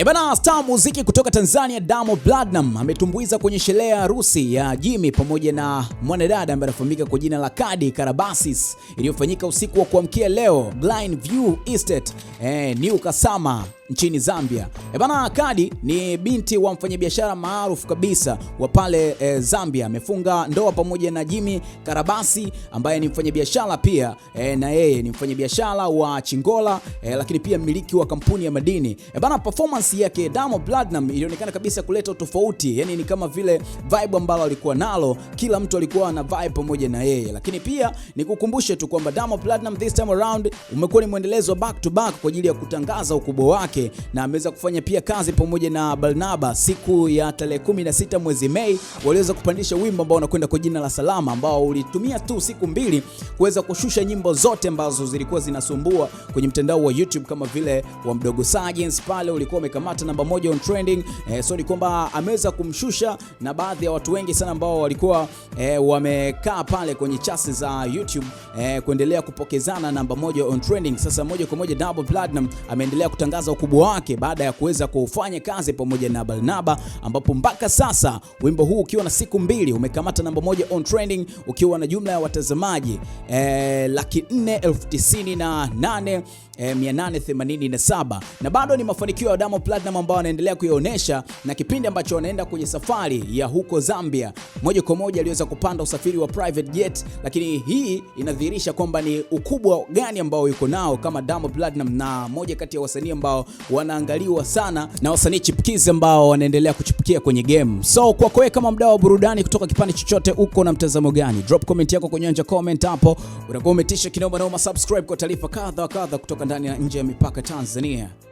Ebana, eh star muziki kutoka Tanzania damo bladnam ametumbuiza kwenye sherehe ya harusi ya Jimmy pamoja na mwanadada ambaye anafahamika kwa jina la Kadi Karabasis iliyofanyika usiku wa kuamkia leo Blind View Estate, eh, New Kasama nchini Zambia. E bana, Kadi ni binti wa mfanyabiashara maarufu kabisa wa pale e, Zambia. Amefunga ndoa pamoja na Jimmy Karabasi ambaye ni mfanyabiashara pia e, na yeye ni mfanyabiashara wa Chingola e, lakini pia mmiliki wa kampuni ya madini. E bana, performance yake Diamond Platnumz ilionekana kabisa kuleta tofauti, Yaani ni kama vile vibe ambalo alikuwa nalo, kila mtu alikuwa na vibe pamoja na yeye. Lakini pia nikukumbushe tu kwamba Diamond Platnumz this time around umekuwa ni mwendelezo back to back kwa ajili ya kutangaza ukubwa wake wake na ameweza kufanya pia kazi pamoja na Barnaba. Siku ya tarehe 16 mwezi Mei waliweza kupandisha wimbo ambao unakwenda kwa jina la Salama, ambao ulitumia tu siku mbili kuweza kushusha nyimbo zote ambazo zilikuwa zinasumbua kwenye mtandao wa YouTube kama vile wa mdogo Sajens pale ulikuwa umekamata namba moja on trending. Eh, so ni kwamba ameweza kumshusha na baadhi ya watu wengi sana ambao walikuwa eh, wamekaa pale kwenye chasi za YouTube eh, kuendelea kupokezana namba moja on trending. Sasa moja kwa moja Double Platinum ameendelea kutangaza ukubwa ukubwa wake baada ya kuweza kufanya kazi pamoja na Barnaba, ambapo mpaka sasa wimbo huu ukiwa na siku mbili umekamata namba moja on trending ukiwa na jumla ya watazamaji eh, laki nne elfu tisini na nane 887 eh, na bado ni mafanikio ya Diamond Platnumz ambao anaendelea kuyaonesha, na kipindi ambacho anaenda kwenye safari ya huko Zambia, moja kwa moja aliweza kupanda usafiri wa private jet, lakini hii inadhihirisha kwamba ni ukubwa gani ambao yuko nao kama Diamond Platnumz, na moja kati ya wasanii ambao wanaangaliwa sana na wasanii chipukizi ambao wanaendelea kuchipukia kwenye game. So kwako wewe kama mdau wa burudani kutoka kipande chochote, uko na mtazamo gani? Drop comment yako kwenye anja comment hapo, unakuwa umetisha kinoma noma. Subscribe kwa taarifa kadha kadha kutoka ndani na nje ya mipaka Tanzania.